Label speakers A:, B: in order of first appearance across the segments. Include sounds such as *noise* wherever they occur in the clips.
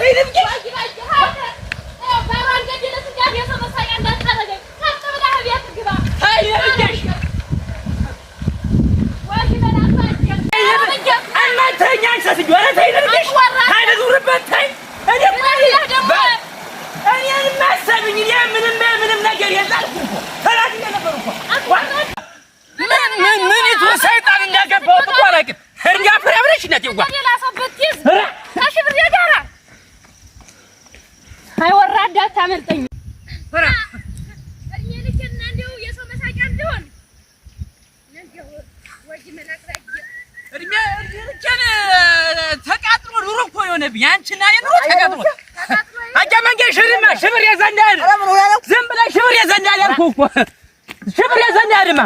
A: Benim
B: gibi. ነብይ አንቺና የኑሮ ተቀጥሮ አጃ መንገድ ሽብርማ ሽብር የዘንዳል ዝም ብለህ ሽብር የዘንዳል ያልኩህ እኮ ሽብር የዘንዳልማ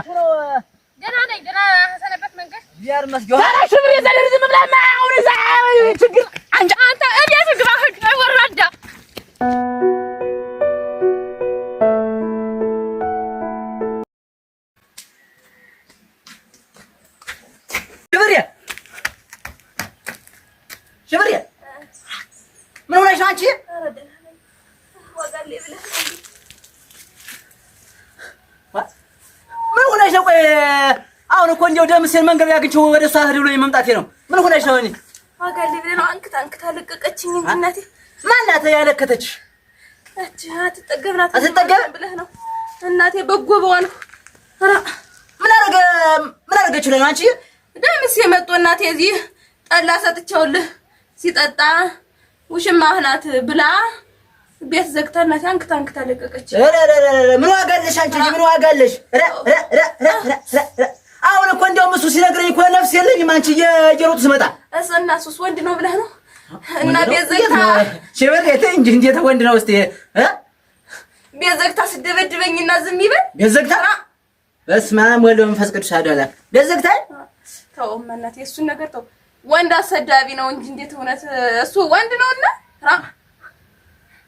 B: እኮ እንደው ደምሴን መንገድ ላይ አግኝቼው ወደ እሷ እህል ብሎኝ መምጣቴ ነው። ምን ሆነሽ ነው? እኔ ዋጋ ሊብሬ ነው አንክታ አንክታ ለቀቀችኝ። እናቴ ማናት ያለከተች? እቺ አትጠገብ ናት። አትጠገብ ብለህ ነው እናቴ። በጎ በዋል አራ ምን አረገ? ምን አረገችው ለማን? አንቺ ደምሴ መጥቶ እናቴ እዚህ ጠላ ሰጥቼውልህ ሲጠጣ ውሽማህ ናት ብላ ቤት ዘግታ እናቴ አንክታ አንክታ ለቀቀች። ምን ዋጋ አለሽ አንቺ? ምን ዋጋ አለሽ? አሁን እኮ እንዲያውም እሱ ሲነግረኝ እኮ ነፍስ የለኝም። አንቺ እየሮጡ ስመጣ እና እሱስ ወንድ ነው ብለህ ነው እና ቤት ዘግታ ሸበሬት እንጂ እንዴት ወንድ ነው? እስቲ ቤት ዘግታ ዝም ይበል ቤት በስመ አብ ወወልድ ወመንፈስ ቅዱስ አሐዱ አምላክ። ቤት ዘግታ ተው፣ እሱን ነገር ተው። ወንድ አሰዳቢ ነው እንጂ እንዴት እውነት እሱ ወንድ ነውና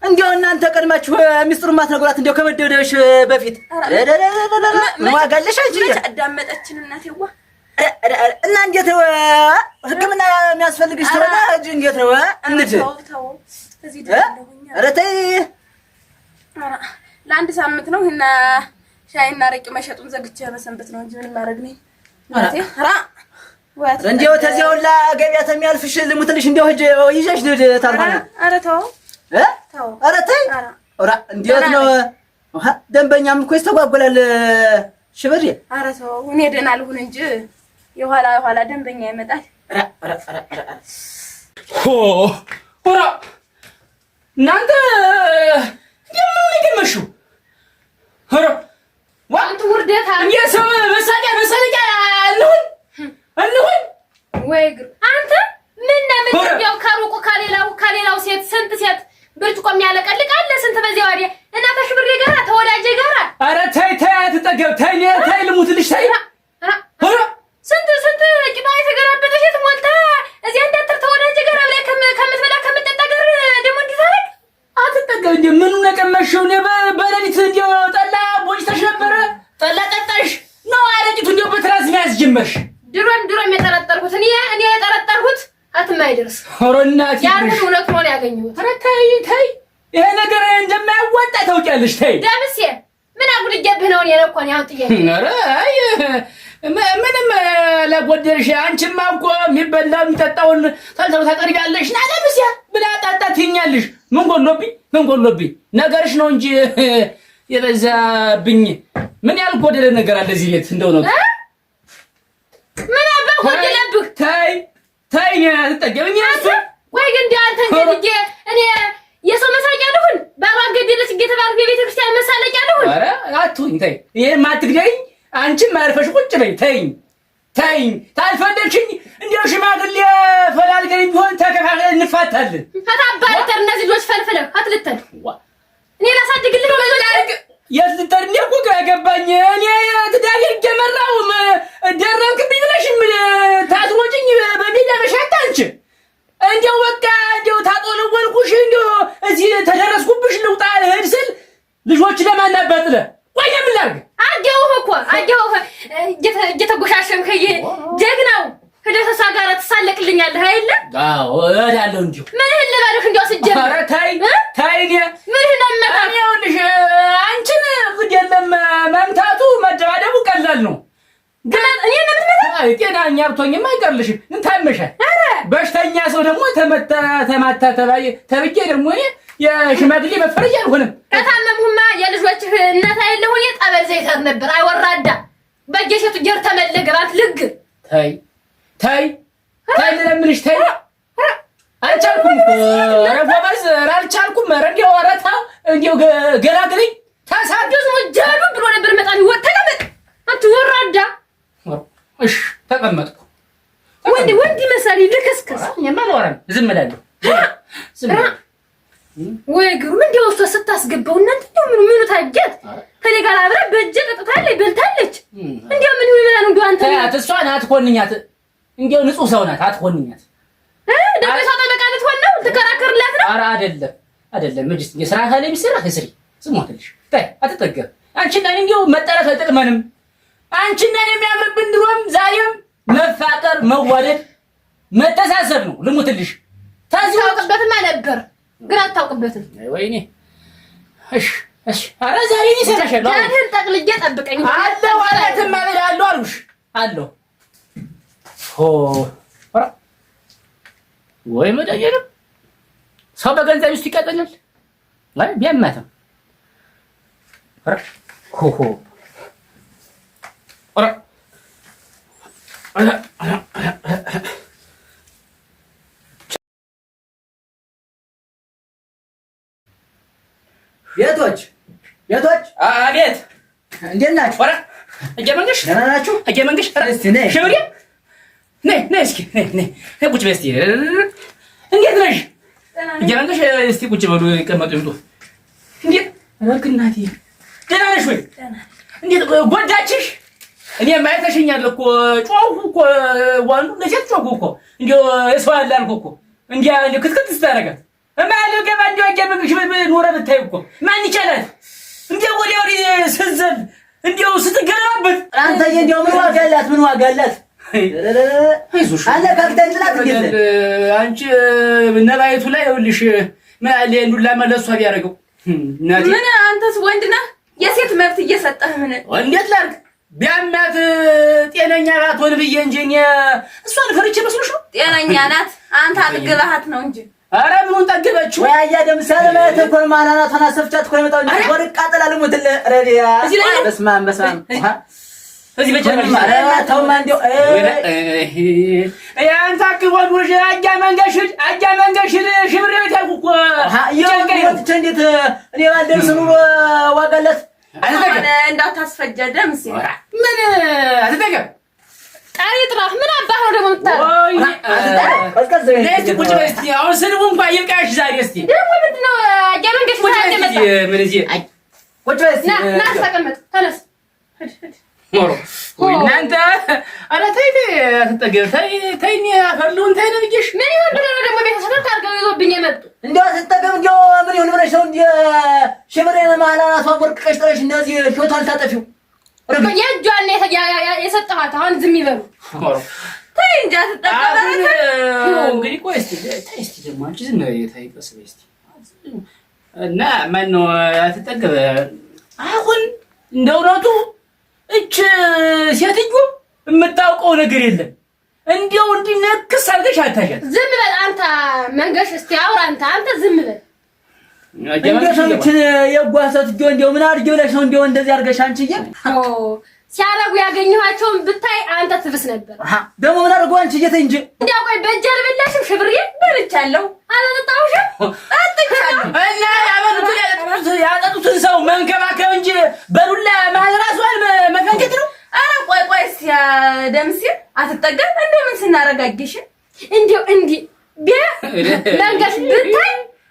B: እንዲያው እናንተ ቀድማችሁ ሚስጥሩን ማትነግሯት እንዲያው ከመደብደብሽ በፊት ዋጋለሽ አንቺ አዳመጠችን። እናቴዋ እና እንዴት ነው ሕክምና የሚያስፈልግሽ ተወና እጅ እንዴት ነው እንድ ኧረ ተይ፣ ለአንድ ሳምንት ነው እና ሻይና ረቂ መሸጡን ዘግቼ መሰንበት ነው እንጂ ምንም ማድረግ ነኝ እንዲያው ተዚያ ሁላ ገበያ ተሚያልፍሽ ልሙትልሽ እንዲያው ይዤሽ ልሂድ ታልሆነ ኧረ ተው ኧረ ተይ እንዴት ነው? ደንበኛም እኮ ይስተጓጉላል ሽብሬ ኧረ ተው እኔ ደህና ልሁን እንጂ የኋላ የኋላ ደንበኛ ይመጣል። እናንተ ውርደታ የሰው መሳቂያ መሳለቂያ እንሁን እንሁን ወይ አንተ ምን ከሩቁ ከሌላው ከሌላው ሴት ስንት ሴት ብርጭቆ የሚያለቀልቅ አለ ስንት በዚያ ወዲያ እና ተሽብሬ ጋራ ተወዳጀ ጋራ አረ ተይ ተይ አትጠገብ ተይ ተይ ልሙትልሽ ተይ ስንት ስንት ቂጣ የተገራበጠ ሴት ሞልታ እዚያ እንዳትር ተወዳጀ ጋራ ላይ ከምትበላ ከምትጠጣ ጋር ደግሞ እንዲታረግ አትጠገብ እንደ ምኑ ነቀመሽው እኔ በሌሊት እንዲ ጠላ ቦጭተሽ ነበረ ጠላ ጠጣሽ ነው አረቂቱ እንዲ በትራስ ሚያስጀመሽ አይደርስ ሆሮናት ያንን እውነት ሆነ ያገኘሁት። ኧረ ተይ ተይ፣ ይሄ ነገር እንደማያዋጣ ታውቂያለሽ። ተይ ደምሴ ምን አጉድጀብህ ነው? እኔ እኮ ነው ጥያቄ። ኧረ አይ ምንም ለጎደልሽ አንቺማ እኮ የሚበላ የሚጠጣውን ተልተው ታቀርቢያለሽ። ና ደምሴ ብላ ጣጣ ትኛለሽ። ምን ጎሎብኝ? ምን ጎሎብኝ? ነገርሽ ነው እንጂ የበዛብኝ። ምን ያልጎደለ ነገር አለ እዚህ ቤት? እንደው ነው ምን አባ ጎደለብህ? ተይ የሰው መሳቂያ ልሁን? ባሏ መሳለቂያ ልሁን? አንቺም አርፈሽ ቁጭ በይ። ተይኝ፣ ተይኝ። ታልፈለግሽኝ እንዲያው ሽማግሌ ፈላልገን ቢሆን ተከፋፍለን እንፋታለን። እነዚህ ልጆች ፈልፍለው አትልተን እኔ ላሳድግልህ ነው። የት ልተን ጀግናው ከደሰሳ ጋር ትሳለቅልኛለህ አይደለ? አዎ እሄዳለሁ። እንዲሁ ምንህን ልበልህ? እንዲያው ስጀምር ኧረ ተይ ተይ፣ ምንህን አመጣህ? ይኸውልሽ አንቺን ግድ የለም መምታቱ መደባደቡ ቀላል ነው። ጤናኛ ብትሆኝማ አይቀርልሽም። ታመሻል። በሽተኛ ሰው ደግሞ ተመታ ተማታ ተባይ ተብዬ ደግሞ እኔ የሽማግሌ መፈረጃ አልሆንም። ከታመሙማ የልጆችህ እናት አይለሁኝ ጠበል ዘይተር ነበር አይወራዳ በየሸቱ ጀር ተመለገባት ልግ ተይ ተይ ተይ ልለምንሽ ተይ። አልቻልኩም ኧረ ጎበዝ ኧረ አልቻልኩም ገላግልኝ። ወጃሉ ብሎ ነበር መጣ ተቀመጥ። አንተ ወራዳ እሺ ተቀመጥኩ። ወንድ ወንድ መሳሪ ልክስክስ ዝም እላለሁ ዝም ወይ ግሩ ምን ዲወልቶ ስታስገባው እናንተ ነው ምን ምን ታጀት ከኔ ጋር አብረ በእጄ ጠጥታለች በልታለች። እንዴ ምን ምን ይሆናል ነው አንተ ያ እሷን አትኮንኛት። እንዲያው ንጹህ ሰው ናት አትኮንኛት። እህ ደግሞ ሰው ጠበቃ ልትሆን ነው ትከራከርላት ነው። ኧረ አይደለም አይደለም። ምድስ እንደ ስራ ካለ የሚሰራ እስሪ ስሞትልሽ ታይ አትጠገብ አንቺና እኔ እንዲያው መጠራት አይጠቅመንም። አንቺ እኔ የሚያምርብን ድሮም ዛሬም መፋቀር፣ መዋደድ፣ መተሳሰብ ነው። ልሙትልሽ ታዚህ አውቅበትማ ነበር ግን አታውቅበትም። ወይኔ እሺ፣ እሺ። ወይ መደየንም ሰው በገንዘብ ውስጥ ይቀጥላል። ላይ ቢያማትም ኧረ ቤቶች ቤቶች አቤት፣ እንዴት ናችሁ? ኧረ እጀ መንግሽ ደህና ናችሁ? እጀ መንግሽ ሽብሬ ነይ ነይ፣ ነይ እስኪ ነይ ነይ፣ ቁጭ በይ እስኪ። እንዴት ነሽ እጀ መንግሽ? እስኪ ቁጭ በሉ፣ ይቀመጡ ይምጡ። እንዴት እባክህ እናቴ፣ ደህና ነሽ ወይ? እንዴት ጎዳችሽ? እኔ ማየተሽኛል እኮ ጮኹ እኮ ዋንዱ ለሴት ጮኹ እኮ እንዲያው የሰው አለ አልኩህ እኮ እንዲያ ክትክት ስታደርጋት እማያለው ገባ እንዲያው አየር ኖረ ብታይ እኮ ማን ይቻላል? ወዲያው ስትገለባበት አንተዬ ምን ዋጋ አላት? ምን ዋጋ አላት? አንቺ ነባይቱ ላይ ይኸውልሽ ዱላ ምን አንተስ ወንድ ነህ? የሴት መብት እየሰጠህ ምን እንዴት ላድርግ? ቢያማት ጤነኛ ናት ሆን ብዬ እንጂ እኔ እሷን ፈርቼ መስሎሽ ነው? ጤነኛ ናት። አንተ አጥግባሃት ነው እንጂ ኧረ ምኑን ጠግበችው ወይ አያ ደምሳሌ እኮ ማናናቷን አሰፍቻት እኮ የመጣው እንጂ ወርቅ አጥላል ሙትል ረዲያ በስመ አብ በስመ አብ እዚህ በጨረማ ኧረ ተውማ እንደው የአንተ አክቦን ውሽ አጃ መንገሽን አጃ መንገሽን ሽብሬ ቤት ያልኩህ እኮ ይጨንቀኝ እንዴት እኔ ባልደርስ ኑሮ ዋጋለት እንዳታስፈጀ ደምስ ምን አትጠገብ ፈጣሪ ጥራት ምን አባህ ነው ደግሞ የምታለው? ስድቡ እንኳን ይብቃሽ ዛሬ። እስኪ ደግሞ ምንድን ነው መንገድ ተቀመጥ፣ ምን ይሆን ብለህ ነው ደግሞ ቤተሰብ አድርገው ብለሽ ነው እንደ ሽብሬን መሀል አናቷን ቦርቅቀሽ ጥለሽ እንደዚህ ሾቷን ታጠፊው የእጇን የሰጠኋት አሁን ዝም ይበሉ። ተይ እንጃ እንግዲህ ቆይ እስኪ ተይ አትጠገበ አሁን እንደ እውነቱ እች ሴትዮ የምታውቀው ነገር የለም። እንዲያው እንዲነክስ አድርገሽ አታሻት። ዝም በል አንተ መንገሽ። እስኪ አውራ አንተ አንተ ዝም በል እንደሰምችን የጓሰት ጆ እንዲው ምን አድርጌ ብለሽ ነው እንዲው እንደዚህ አድርገሽ አንቺዬ ሲያረጉ ያገኘኋቸውን ብታይ አንተ ትብስ ነበር። ደግሞ ምን አድርገው አንቺ ተይ እንጂ እንዲያው ቆይ በጀር ብለሽም ሽብርዬ በልቻለሁ። አላጠጣሁሽም አጥቻለሁ። *laughs* እና ያጠጡትን ሰው መንከባከብ እንጂ በዱላ መፈንከት ነው። አረ ቆይ ቆይ ደም ሲል አትጠገም ስናረጋግሽ እንዲው እንዲህ መንገድ ብታይ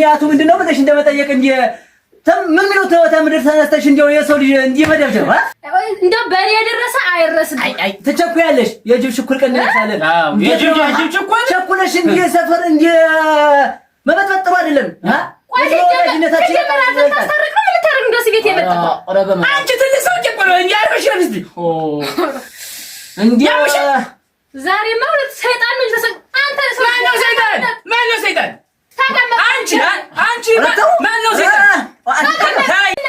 B: ምክንያቱ ምንድነው ብለሽ እንደመጠየቅ እንደ ምን ምነው ተወታ ምድር ተነስተሽ እንደው የሰው ልጅ እንዲህ መደብደብ እንደው በሬ የደረሰ አይረስም። አይ ትቸኩያለሽ። የጅብ ሽኩል ቀን ያሳለን የጅብ የጅብ ሽኩል ቸኩለሽ እንደ ሰፈር እንደ መበጥበጥ ጥሩ አይደለም። ዛሬማ ሁለት ሰይጣን ነው። አንተ ሰይጣን ማነው? ሰይጣን አንቺ አንቺ ማን ነው ሴት